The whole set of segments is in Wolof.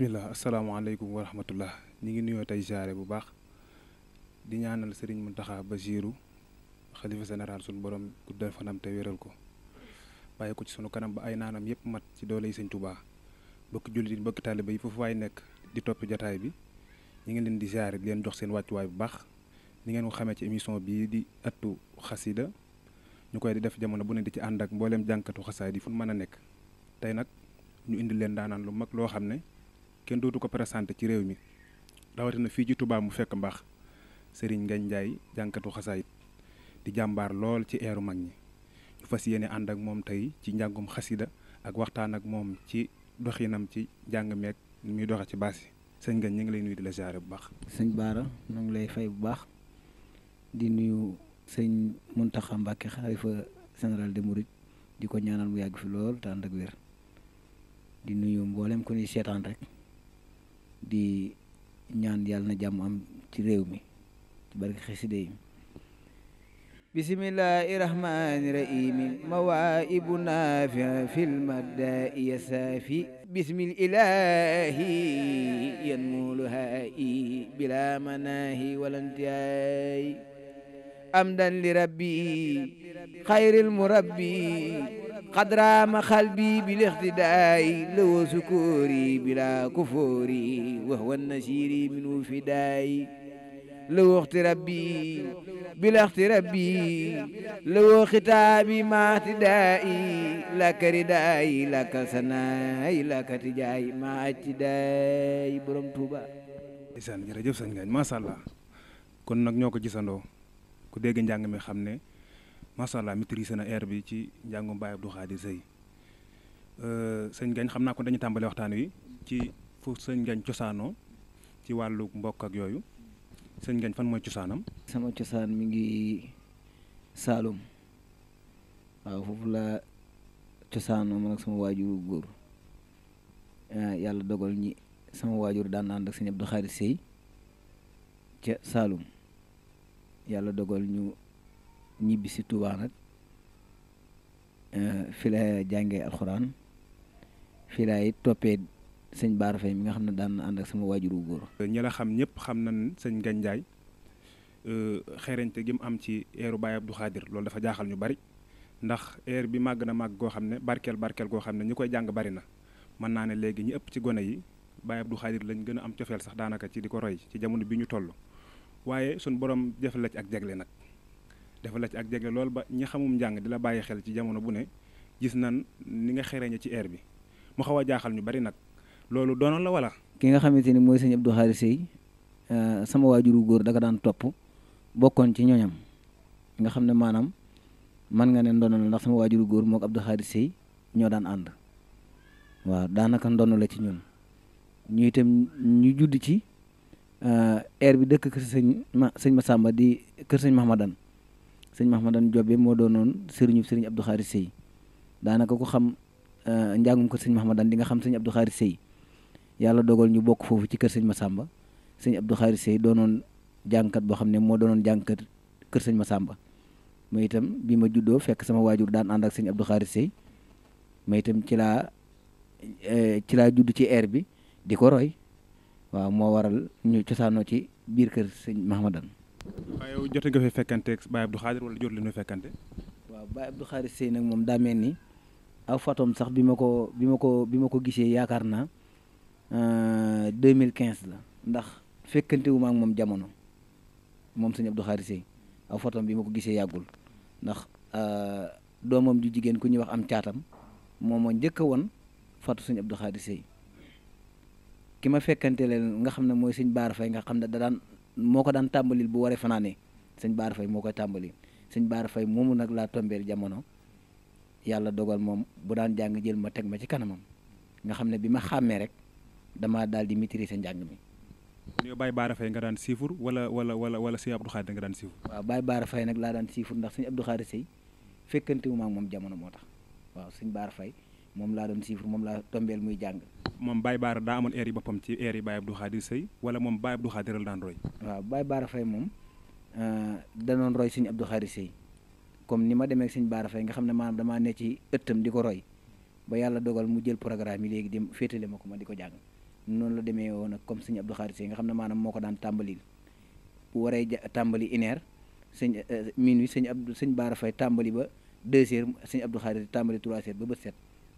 bisimilah asalaamaaleykum wa rahmatullah ñi ngi nuyoo tey jaare bu baax di ñaanal Serigne Mountakha Bassirou xalifa général suñu borom guddal fanam te wéral ko bàyyi ko ci sunu kanam ba ay naanam yëpp mat ci doole yi Sëñ Tuubaa bokk jullit yi bokk taaliba yi foofu waay nekk di topp jataay bi ñu ngi leen di jaare di leen jox seen wàccuwaay bu baax ni ngeen ko xamee ci émission bii di attu xasiida ñu koy di def jamono bu ne di ci ànd ak mbooleem jànkatu xasaay di fu mën a nekk tey nag ñu indi leen daanaan lu mag loo xam ne kenn dootu ko présenté ci réew mi rawatina fii ci Touba mu fekk mbaax sëriñ Ngagne njaay jànkatu xasaayit di jàmbaar lool ci eeru mag ñi ñu fas yéene ànd ak moom tey ci njàngum xasida ak waxtaan ak moom ci doxinam ci njàng meeg muy doxe ci baas yi sëñ Ngagne ñu ngi lay nuyu di la ziare bu baax. sëñ Baara ñu ngi lay fay bu baax di nuyu sëñ Mountakha Mbacké xalifa général des Mourides di ko ñaanal mu yàgg fi lool te ànd ak wér di nuyu mboolem ku ñuy seetaan di ñaan yàlla na jàmm am ci réew mi ci barke xasida yi bismillahi rahmani rahimi mawaibu nafia fil madai yasafi bismil ilahi yanmuluhai bila manahi walantiyaay amdan li rabbi xayril murabbi قد رام قلبي بالاقتداء لو سكوري بلا كفوري وهو النشير من وفداي لو اقتربي بلا اقتربي لو ختابي ما اعتدائي لك ردائي لك سناي لك تجاي ما اعتدائي borom Tuuba isaan jërëjëf sëñ Ngagne masha Allah kon nag ñoo ko gisandoo ku dégg njàng mi xam ne macha allah maîtrisé na air bi ci njàngum Baye Abdou Khadir Seye euh, sëñ Ngañ xam naa ko dañu tàmbali waxtaan wi ci fu sëñ Ngañ cosaanoo ci wàllu mbokk ak yooyu sëñ Ngañ fan mooy cosaanam. sama cosaan mu ngi Saalum waaw foofu la cosaanoo man ak sama waajur góor ah, yàlla dogal ñi sama waajur daan ànd ak sëñ Abdou Khadir Seye ca Saalum yàlla dogal ñu. ñibbi si Tuubaa nag euh, fi la jàngee alxuraan fi la it toppee sëñ Bara Faye mi nga xam ne daan na ànd ak sama waajuru góor. ñi la xam ñëpp xam na sëñ Gandiaye euh, xereñte gi mu am ci eeru Baye du Khadir loolu dafa jaaxal ñu bari ndax eer bi màgg na màgg goo xam ne barkeel barkeel goo xam ne ñi koy jàng bari na mën naa ne léegi ñi ëpp ci gone yi Baye Abdou Khadir lañ gën a am cofeel sax daanaka ci di ko roy ci jamono bi ñu toll waaye suñ borom jëfal la ci ak jagle nag. dafa ci ak jege lool ba ñi xamum njàng di la bàyyi xel ci jamono bu ne gis nan ni nga xereñe ci air bi mu xaw a jaaxal ñu bari nag loolu doonoon la wala. ki nga xamante ni mooy sëñ Abdou Khadre Seye euh, sama waajuru góor da daan topp bokkoon ci ñooñam nga xam ne maanaam man nga ne ndono la ndax sama waajuru góor mook Abdou Khadre Seye ñoo daan ànd waaw daanaka ndono la ci ñun ñu itam ñu judd ci euh, air bi dëkk kër sëñ ma sëñ Massamba di kër sëñ Mahamadan sëñ Mahmadan Jobbe moo doonoon sëriñu sëriñ Abdou Khari Sey daanaka ko xam eh, njàngum ko sëñ Mahmadan di nga xam sëñ Abdou Khari Sey yàlla dogal ñu bokk foofu ci kër sëñ ma sàmba sëñ Abdou Khari Sey doonoon jàngkat boo xam ne moo doonoon jàngkat kër sëñ ma sàmba ma itam bii ma juddoo fekk sama waajur daan ànd ak sëñ Abdou Khari Sey ma itam ci laa eh, ci laa judd ci air bi di ko roy waaw moo waral ñu cosaanoo ci biir kër sëñ Mahmadan waaye yow jote nga fekkante Baye Abdou Khadir wala jot leen fi fekkante. waaw Baye Abdou Khadir Seye nag moom daa mel ni aw fatom sax bi ma ko bi ma ko bi ma ko gisee yaakaar naa 2015 euh, la ndax fekkante ak moom jamono moom sëñ Abdou Khadir bi ma ko gisee yàggul ndax euh, doomam ju jigéen ku ñuy wax am caatam moom moo njëkk a won fatu sëñ Abdou Khadir Seye ki ma fekkante leen nga xam ne mooy sëñ Baara Faye nga xam ne da daan. moo ko daan tàmbalil bu waree fanaanee sëñ Baara Faye moo koy tàmbali sëñ Baara Faye moomu nag laa tombeel jamono yàlla dogal moom bu daan jàng jël ma teg ma ci kanamam nga xam ne bi ma xàmmee rek damaa daal di maîtriser njàng mi. yow Baye Baara Faye nga daan siifur wala wala wala wala sëñ Abdou Khadir nga daan siifur. waaw Baye Baara nag laa daan siifur ndax sëñ Abdou Xaadir Sey fekkante wu moom jamono moo tax waaw sëñ Baara Faye moom laa doon suivre moom laa tombeel muy jàng moom Baye Baara daa amoon air yi boppam ci air yi Baye Abdou Khadir Seye wala moom Baye Abdou Khadir la daan roy waaw Baye Baara Faye moom euh, danoon roy sëñ Abdou Khadir Seye comme ni ma demee ak suñu nga xam ne maanaam damaa ne ci ëttam di ko roy ba yàlla dogal mu jël programme yi léegi dem féetale ma ko ma di ko jàng noonu la demee woon comme suñu Abdou nga xam ne maanaam moo ko daan tàmbalil bu waree tàmbali une heure sëñ euh, minuit sëñ Abdou sëñ Baara Faye tàmbali ba deux heures sëñ Abdou Khadir tàmbali trois heures ba bët set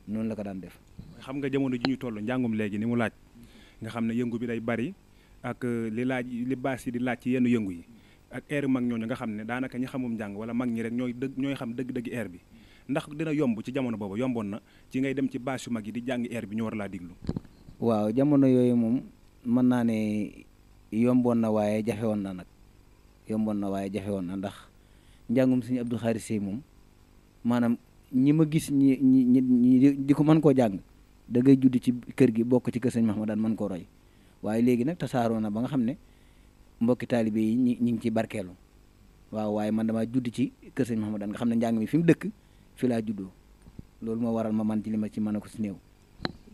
noonu la ko daan def. xam nga jamono ji ñu toll njàngum léegi ni mu laaj nga xam ne yëngu bi day bari ak euh, li laaj li baas yi di laaj ci yenn yëngu yi ak air mag ñooñu nga xam ne daanaka ñi xamum njàng wala mag ñi rek ñooy dëgg xam dëgg-dëgg air bi ndax dina yomb ci jamono boobu yomboon na ci ngay dem ci baas yu mag yi di jàng air bi ñu war laa diglu. waaw jamono yooyu moom mën naa ne yomboon na waaye jafewoon na nag yomboon na waaye jafewoon na ndax njàngum suñu Abdou Khari moom ñi ma gis ñi ñi ñi di ko mën koo jàng da ngay judd ci kër gi bokk ci kër sëñ Mahmadaan mën koo roy waaye léegi nag tasaaroo na ba nga xam ne mbokki taalibe yi ñi ñi ngi ci barkeelu waaw waaye man damaa juddi ci kër sëñ Mahmadaan nga xam ne njàng mi fi mu dëkk fi laa juddoo loolu moo waral ma man ci li ma ci mën a ko si néew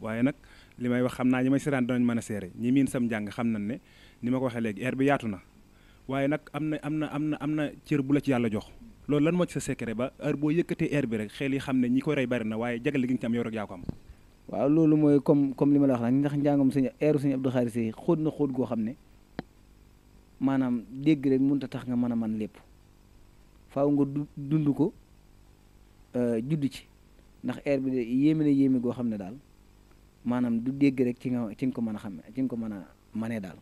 waaye nag li may wax xam naa ñi may seetaan mën a seere ñi miin sam njàng xam na ne ni ma ko waxee léegi air bi yaatu na waaye nag am na am na am na am na cër bu la ci yàlla jox loolu lan moo ci sa secret ba heure boo yëkkatee air bi rek xel yi xam ne ñi ko rey bari na waaye jagle gi nga ci am ko am waaw loolu mooy comme comme li ma la wax nag ndax njàngam sëñ airu sëñ Abdou Khadre Sy xóot na xóot goo xam ne maanaam dégg rek mënut a tax nga mën a man lépp faw nga dund ko euh, judd ci ndax air bi de yéeme na yéeme goo xam ne daal maanaam du dégg rek ci nga ci nga ko mën a xam ci nga ko mën a manee daal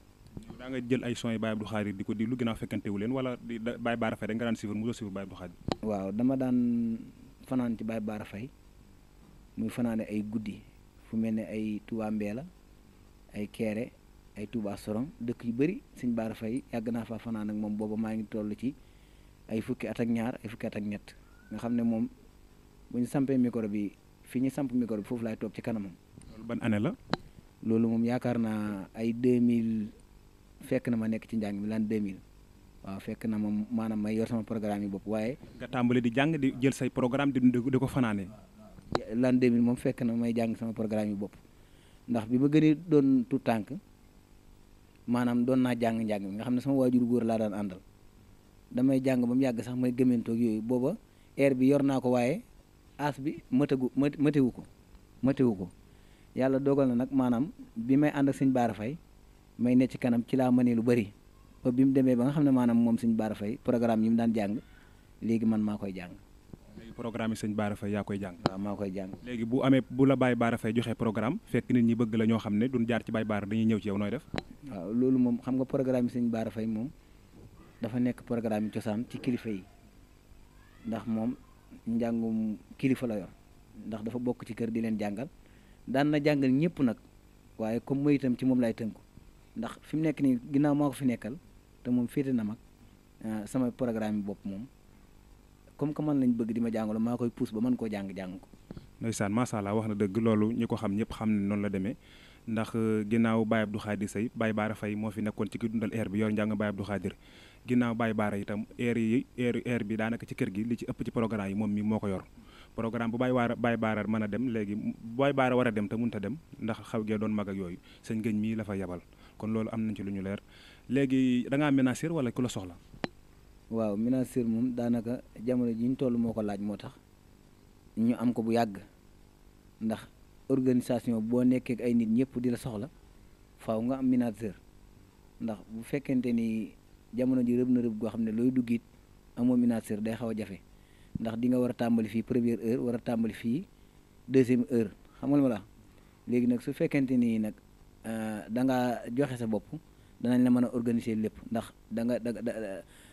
daa nga jël ay son yi Baye Abdou Khadir di ko déglu ginnaaw fekkante wu leen wala di Baye Bara Faye rek nga daan suivre mosoo suivre Baye Abdou Khadir. waaw dama daan fanaan ci Baye baara fay muy fanaane ay guddi fu mel ni ay Touba Mbeela ay Kéré ay Touba Sorong dëkk yu bëri sëñ Bara fay yàgg naa fa fanaan ak moom booba maa ngi toll ci ay fukki at ak ñaar ay fukki at ak ñett nga xam ne moom bu ñu sampee micro bi fi ñu samp micro bi foofu laay toog ci kanamam. fekk na ma nekk ci njàng mi l'an 2000 waaw fekk na ma maanaam may yor sama programme yi bopp waaye. nga tàmbali di jàng di jël say programme di di ko fanaane. l'an 2000 moom fekk na may jàng sama programme yi bopp ndax bi ma gën a doon tout tànk maanaam doon naa jàng njàng mi nga xam ne sama waajur góor laa daan àndal damay jàng ba mu yàgg sax may gëmëntoog yooyu booba air bi yor naa ko waaye as bi mëtagu mëtewu ko mëtewu ko yàlla dogal na nag maanaam bi may ànd sëñ Baara Fay may ne ci kanam ci laa mënee lu bëri ba bi mu demee ba nga xam ne maanaam moom sëñ Bara Faye programme yi mu daan jàng léegi man maa koy jàng. léegi programme yi sëñ Bara Faye yaa koy jàng. maa koy jàng. léegi bu amee bu la Baye Bara Faye joxe programme fekk nit ñi bëgg la ñoo xam ne du jaar ci Baye Bara dañuy ñëw ci yow nooy def. waaw loolu moom xam nga programme yi sëñ Bara Faye moom dafa nekk programme yi cosaan ci kilifa yi ndax moom njàngum kilifa la yor ndax dafa bokk ci kër di leen jàngal daan na jàngal ñëpp nag waaye comme mooy ci moom lay tënku. ndax fi mu nekk nii ginnaaw maa ko fi nekkal te moom féete na mag eh, sama programme yi bopp moom comme que man lañ bëgg di ma jàngaloo maa koy pousse ba mën koo jàng jàng ko. ndeysaan macha allah wax na dëgg loolu ñu ko xam ñëpp xam ne noonu la demee ndax eh, ginnaaw Baye Abdou Khadir Seye Baye Baara fay moo fi nekkoon ci ki dundal air bi yor njàng Baye Abdou Khadir ginnaaw Baye Baara itam air yi air air bi daanaka ci kër gi li ci ëpp ci programme yi moom mii moo k yor. programme bu Baye Baara Baye Baara mën a dem léegi Baye Baara war a dem te mënut dem ndax xaw gee doon mag ak yooyu sëñ Gëñ la fa yabal kon loolu am nañ ci lu ñu leer léegi da ngaa menaceur wala ku la soxla. waaw menaceur moom daanaka jamono ji ñu toll moo ko laaj moo tax ñu am ko bu yàgg ndax organisation boo nekkee ay nit ñëpp di la soxla faw nga am menaceur ndax bu fekkente ni jamono ji rëb na rëb goo xam ne looy duggit amoo menaceur day xaw a jafe ndax di nga war a tàmbali fii première heure war a tàmbali fii deuxième heure xamal ma la léegi nag su fekkente ni nag. Euh, da nga joxe sa bopp danañ la mën a organiser lépp ndax da nga da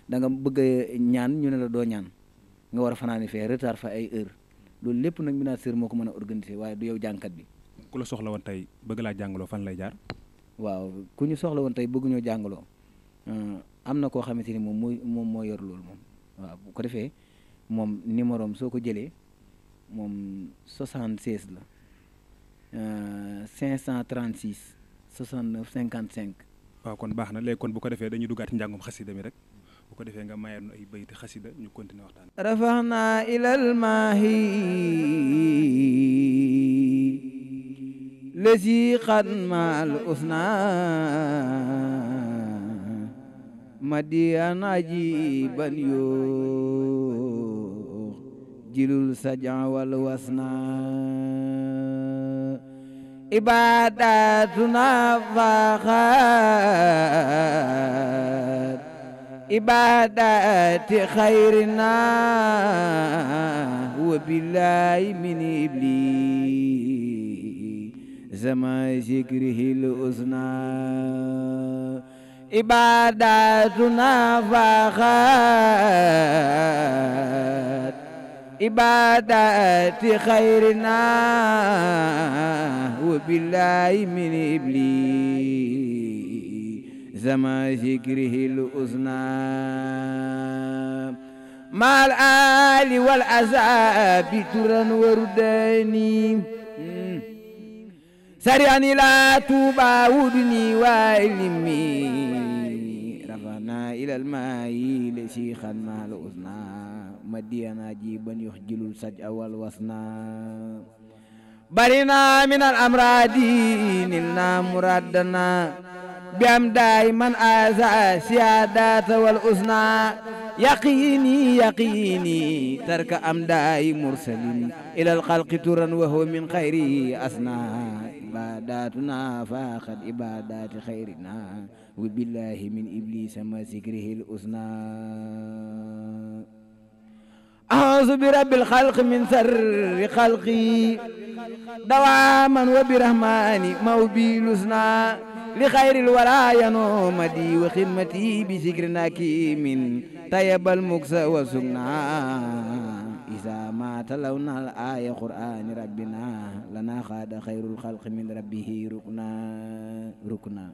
da nga bëgg ñaan ñu ne la doo ñaan nga war a fanaani fee retard fa ay heure loolu lépp nag ministère moo ko mën a organiser waaye du yow jàngkat bi. ku la soxla woon tey bëgg laa jàngaloo fan lay jaar. waaw ku ñu soxla woon tey bëgguñoo ñoo jàngaloo euh, am na koo xamante ni moom mooy moom moo yor loolu moom waaw bu ko defee moom numéro am soo ko jëlee moom 76 la 536. Euh, 69 55. waaw kon baax na léegi kon bu ko defee dañuy duggaat ci njàngum xasida mi rek bu ko defee nga mayal nu ay bayti xasida ñu continuer waxtaan. rafaxna ilal maahi lesi xan maal usna madiyan ajiban yoo jilul sajan wal wasna عباداتنا فخار عبادات خيرنا وبالله من إبليس زما ذكره الأذنى عباداتنا فخار عبادات خيرنا وبالله من إبليس زما ذكره الأذنى مع الآل والعذاب ترا ورداني سريعني لا توبا ودني وإلمي رفعنا إلى الماء لشيخا مع الأذنى مدينا جيبا يخجل السجع والوسنا برنا من الأمراض إنا مرادنا بأم دائما آزا سيادة والأسنى يقيني يقيني ترك أمداي مرسل إلى الخلق ترا وهو من خيره أثنى عباداتنا فاقد عبادات خيرنا وبالله من إبليس ما سكره الأسنى أعوذ برب الخلق من سر خلقي دواما وبرحمن موبي لسنا لخير الورى ينومدي وخدمتي بذكرناك من طيب المكس وسقنا إذا ما تلونا الآية قرآن ربنا لنا خاد خير الخلق من ربه ركنا ركنا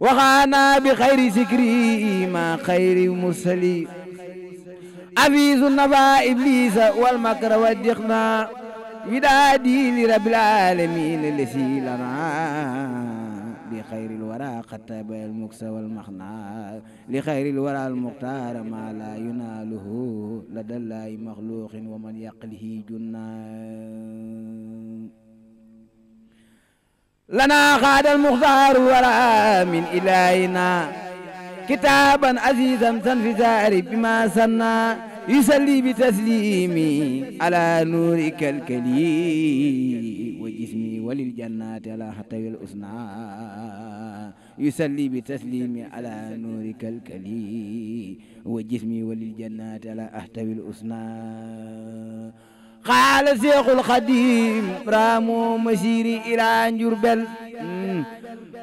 وخانا بخير ذكري ما خير مرسلي abiisu nafa iblisa wal makra wa diqna widaadi li rabbil alamin lesi lana bi xayril wara xatabal muksa wal maxna li xayril wara al muxtaara ma la yunaaluhu la dallaay maxluqin wa man yaqlihi junna lana xaadal muxtaar wara min ilayna kitaaban azizan san fi saari bi ma sanna yusalli bi taslimi ala nuuri kalkali wa jismi walil jannati ala xatawil usna yusalli bi taslimi ala nuuri kalkali wa jismi walil jannati ala xatawil usna xaala seexul xadiim raamoo masiiri ilaa njurbel hmm.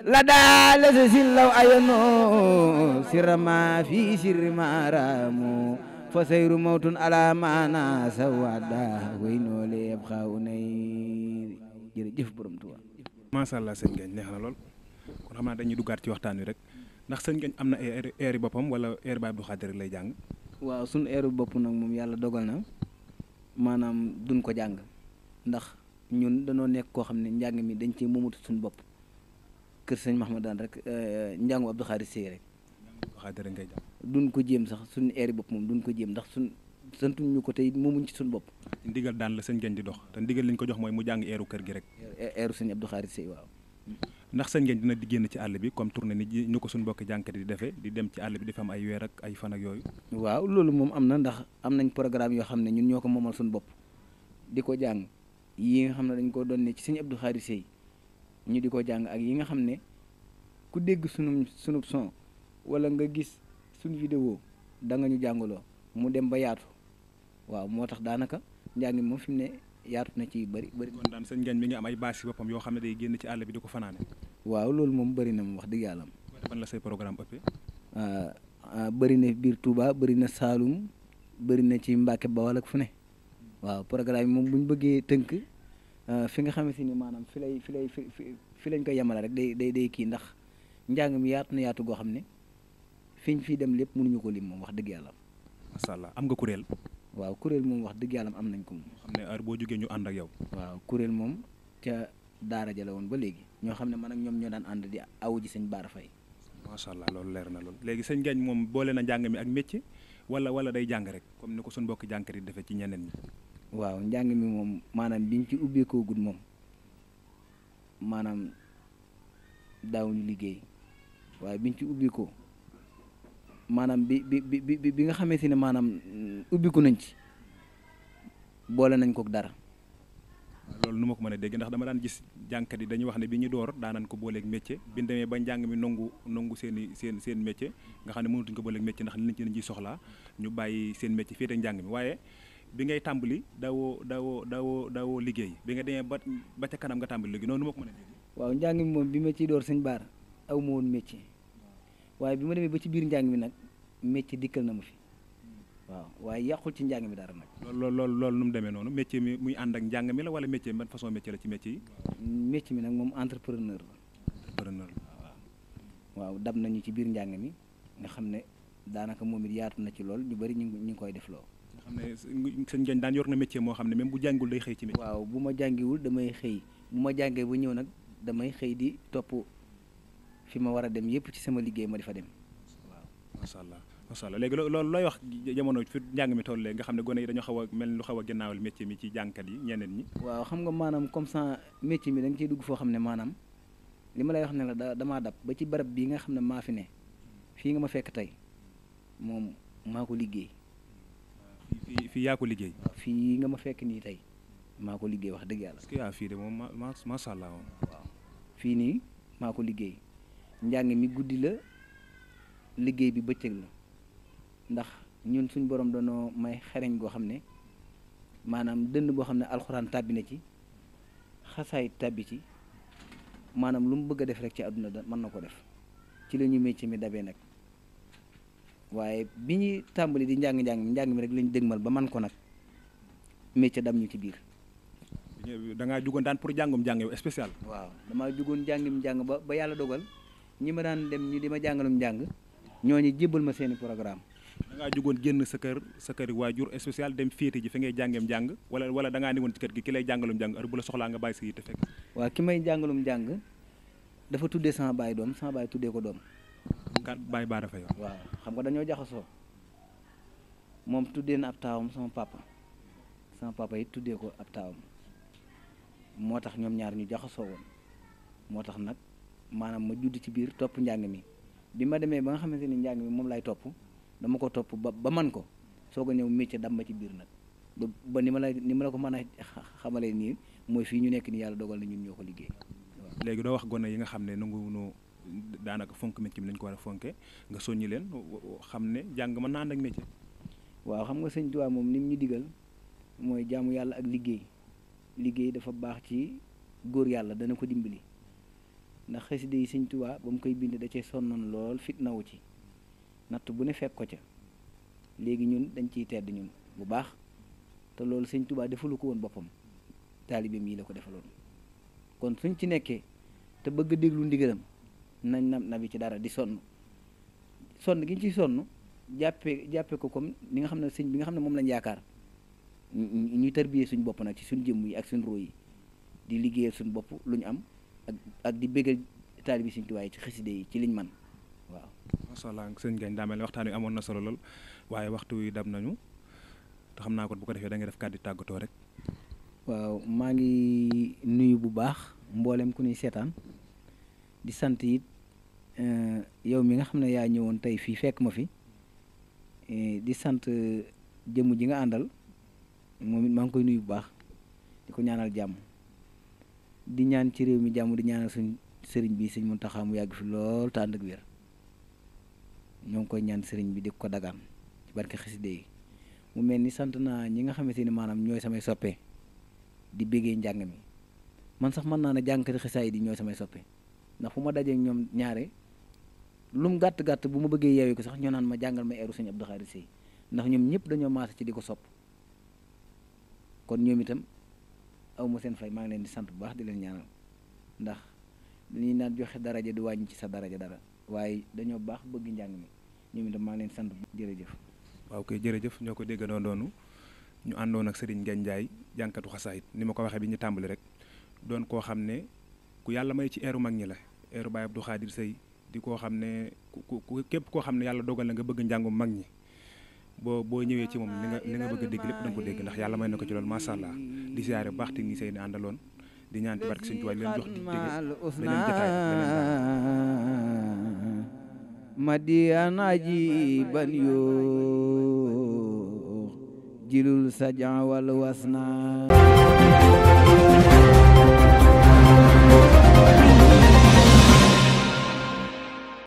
la daala sa sillaw ayanoo sirra maa fii sirri maa raamoo fa sayru mawtun alaa maana sa wadda way noo leeb xaaw nay jërëjëf borom Tuuba macha allah sëñ neex na lool kon xam naa dañuy duggaat ci waxtaan wi rek ndax sëñ am na air boppam wala air ba Abdou Khadir lay jàng waaw sunu air bopp nag moom yàlla dogal na maanaam duñ ko jàng ndax ñun dañoo nekk koo xam ne njàng mi dañ ci moomatu suñu bopp kër sëñ Mahmadane rek euh, njàngu Abdou Khadre Seye rek duñ ko jéem sax suñu eeri bopp moom duñ ko jéem ndax suñ santuñ ñu ko tey moomuñ ci suñu bopp ndigal daan la sëñ gañ di dox te ndigal lañ ko jox mooy mu jàng eeru kër gi rek eeru sëñ Abdou Khadre waaw ndax sëñ ngeen dina di génn ci àll bi comme tournée ni ñu ko suñu mbokki jànkat yi di defee di dem ci àll bi di fa am ay weer ak ay fan ak yooyu waaw loolu moom am na ndax am nañ programme yoo xam ne ñun ñoo ko moomal suñu bopp di ko jàng yi nga xam ne dañ ko doon ne ci sëñ Abdou Khadre Seye ñu di ko jàng ak yi nga xam ne ku dégg suñu sunu son walla nga gis suñu vidéo da nga ñu jàngaloo mu dem ba yaatu waaw moo tax daanaka njàng moom fi mu ne yaatu na ci bëri bëri kon daan sëñ Ngagne mi am ay bâche si boppam yoo xam ne day génn ci àll bi di ko fanaane waaw loolu moom bëri na moom wax dëgg yàlla ban la say programme ëppee ah, ah, bëri na biir Touba bëri na Saalum bëri na ci Mbàkke Bawol ak waaw programme bi moom bu bëggee tënk ah, fi nga xamante ni maanaam fi lay fi lay fi lañ koy yemale rek day day day kii ndax njàng mi yaatu goo xam ne fiñ fi dem lépp mënuñu ko lim moom wax dëgg yàlla macha am nga kuréel waaw kuréel moom wax dëgg yàlla am nañ ko moom. xam ne heure boo jógee ñu ànd ak yow. waaw kuréel moom ca daara ja la woon ba léegi ñoo xam ne man ak ñoom ñoo daan ànd di aw ji sëñ Baara Faye. macha allah loolu leer na lool léegi sëñ Gagne moom boole na njàng mi ak métier wala wala day jàng rek comme ni ko suñ mbokki jàngkat yi defee ci ñeneen ñi. waaw njàng mi moom maanaam bi biñ ci ubbeekoo gud moom maanaam daawuñu liggéey waaye biñ ci ubbeekoo. maanaam bi bi bi bi nga si ne maanaam ubbiku nañ ci boole nañ kook dara. loolu nu ma ko mën a dégg ndax dama daan gis jànkat yi dañuy wax ne bi ñu door daanañ ko booleeg métier bi ñu demee ba njàng nangu seen i seen seen métier nga xam ne mënatuñ ko booleeg métier ndax li lañ ci soxla ñu bàyyi seen métier fii te njàng mi waaye bi ngay tàmbali dawoo dawoo dawoo dawoo liggéey bi nga demee ba ba ca kanam nga tàmbali liggéey noonu nu ma ko mën a dégg. waaw njàng mi moom bi ma ciy door sëñ baar aw ma woon métier waaye bi ma demee ba ci biir njàng mi nag métier dikkal na ma fi waaw waaye yàqul ci njàng mi dara nag. loolu loolu loolu nu mu demee noonu métier mi muy ànd ak njàng mi la wala métier ban façon métier la ci métier yi. métier mi nag moom entrepreneur la. waaw waaw dab nañu ci biir njàng mi nga xam ne daanaka moom it yaatu na ci lool ñu bari ñu ngi koy def lool. xam ne sëñ Ndiagne daan yor na métier moo xam ne même bu jàngul day xëy ci métier. waaw bu ma jàngiwul damay xëy bu ma jàngee ba ñëw nag damay xëy di topp fi ma war a dem yëpp ci sama liggéey ma di fa dem waaw macha allah macha allah léegi loolu looy wax jamono fi njàng mi tollee nga xam ne gone yi dañoo xaw a mel lu xaw a gannaawal métier mi ci jàngkat yi ñeneen ñi waaw xam nga maanaam comme ça métier mi da nga ciy dugg foo xam ne maanaam li ma lay wax ne la da damaa dab ba ci barab bii nga xam ne maa fi ne fii nga ma fekk tey moom maa ko liggéey fii fii yaa ko liggéey waaw fii nga ma fekk nii tey maa ko liggéey wax dëgg yàlla fii de moom macha allah waaw fii nii maa ko liggéey njàng mi guddi la liggéey bi bëccëg la ndax ñun suñ boroom danoo may xereñ goo xam ne maanaam dënn boo xam ne alxuraan tàbbi na ci xasaay tàbbi ci maanaam lu mu bëgg a def rek ci àdduna da mën na ko def ci la ñu métier mi dabee nag waaye bi ñuy tàmbali di njàng njàng mi njàng mi rek lañu dëgmal ba man ko nag métier dam ñu ci biir. da ngaa jugoon daan pour jàngum jàng yow spécial. waaw damaa jugoon jàngum jàng ba yàlla dogal. ñi ma daan dem ñu di ma jàngalum njàng ñooñu jébbal ma seeni programme da ngaa génn sa kër sa kër jur spécial dem féete ji fa ngay jàngeem jàng wala wala da ngaa ne woon ci kër gi ki lay jàngalum jàng heure bu la soxlaa nga bàyyi sa yitte fekk waaw ki may jàngalum jàng dafa tuddee sama baay doom sama baay tuddee ko doom kan baay baa dafa yoon waaw xam nga dañoo jaxasoo moom tuddee na ab taawam sama papa sama papa it tuddee ko ab taawam moo tax ñoom ñaar ñu jaxasoo woon moo tax nag maanaam ma judd ci biir topp njàng mi bi ma demee ba nga xamante ni njàng mi moom lay topp dama ko topp ba ba man ko soo ko ñëw métier dam ma ci biir nag ba ni ma la ni ma la ko mën a xamalee nii mooy fii ñu nekk nii yàlla dogal na ñun ñoo ko liggéey léegi doo wax gone yi nga xam ne nangu nu daanaka fonk métier bi lañ ko war a fonke nga soññi leen xam ne jàng ma naan ak métier waaw xam nga sëñ Tuubaa moom ni mu ñu digal mooy jàmm yàlla ak liggéey liggéey dafa baax ci góor yàlla dana ko dimbali ndax xasida yi sëñ Tuubaa ba mu koy bind da cee sonnoon lool fitnawu ci natt bu ne fekk ko ca léegi ñun dañ ciy tedd ñun bu baax te loolu sëñ Tuubaa defalu ko woon boppam taalibeem yi la ko defaloon kon suñ ci nekkee te bëgg a déglu ndigalam nañ na nabi ci dara di sonn sonn gi ñu ciy sonn jàppee jàppee ko comme ni nga xam ne sëñ bi nga xam ne moom lañ yaakaar ñu tarbiyee suñ bopp nag ci suñ jëmm yi ak suñ roo yi di liggéeyal suñ bopp lu ñu am ak di bëggal taalibi Sëñ Tuubaa ci xaside yi ci liñ man waaw. macha allah sëñ Gagne daa ne waxtaan wi amoon na solo lool waaye waxtu wi dab nañu te xam naa ko bu ko defee da nga def kàddu tàggatoo rek. waaw maa ngi nuyu bu baax mbooleem ku ñuy seetaan di sant it eh, yow mi nga xam ne yaa ñëwoon tey fii fekk ma fi eh, di sant eh, jëmm ji nga àndal moom it maa ngi koy nuyu bu baax di ko ñaanal jàmm. di ñaan ci réew mi jàmm di ñaan suñ sëriñ bi sëñ Muntaxa mu yàgg fi lool te ànd ak wér ñoo ngi koy ñaan sëriñ bi di ko dagaan ci barke xaside de mu mel ni sant naa ñi nga xamante ni maanaam ñooy samay soppe di béggee njàng mi man sax man naa ne jàngkati xisaay di ñooy samay soppe ndax fu ma dajee ñoom ñaare lum gàtt-gàtt bu ma bëggee yeewee ko sax ñoo naan ma jàngal ma eeru sëñ Abdou Khadre Seye ndax ñoom ñëpp dañoo maase ci di ko sopp kon ñoom itam aw ma seen fay maa ngi leen di sant bu baax di leen ñaanal ndax li naan joxe daraja du wàññi ci sa daraja dara waaye dañoo baax bëgg njàng mi ñoom itam maa ngi leen sant bu jërëjëf. waaw kay jërëjëf ñoo ko déggandoo doonu ñu àndoon ak Serigne Ngagne Ndiaye jànkatu xasaayit ni ma ko waxee bi ñu tàmbali rek doon koo xam ne ku yàlla may ci eeru mag ñi la eeru Baye Abdou Khadir Seye di koo xam ne ku ku képp koo xam ne yàlla dogal na nga bëgg njàngum mag ñi boo boo ñëwee ci moom li nga bëgg a dégg lépp da ko dégg ndax yàlla may na ko ci loolu macha di siyaare bu baax te ñi say ni àndaloon di ñaan ci barke Sëñ Tuubaa leen jox di dégg beneen jotaay madiyana ji ban yoo jilul sa jaawal wasna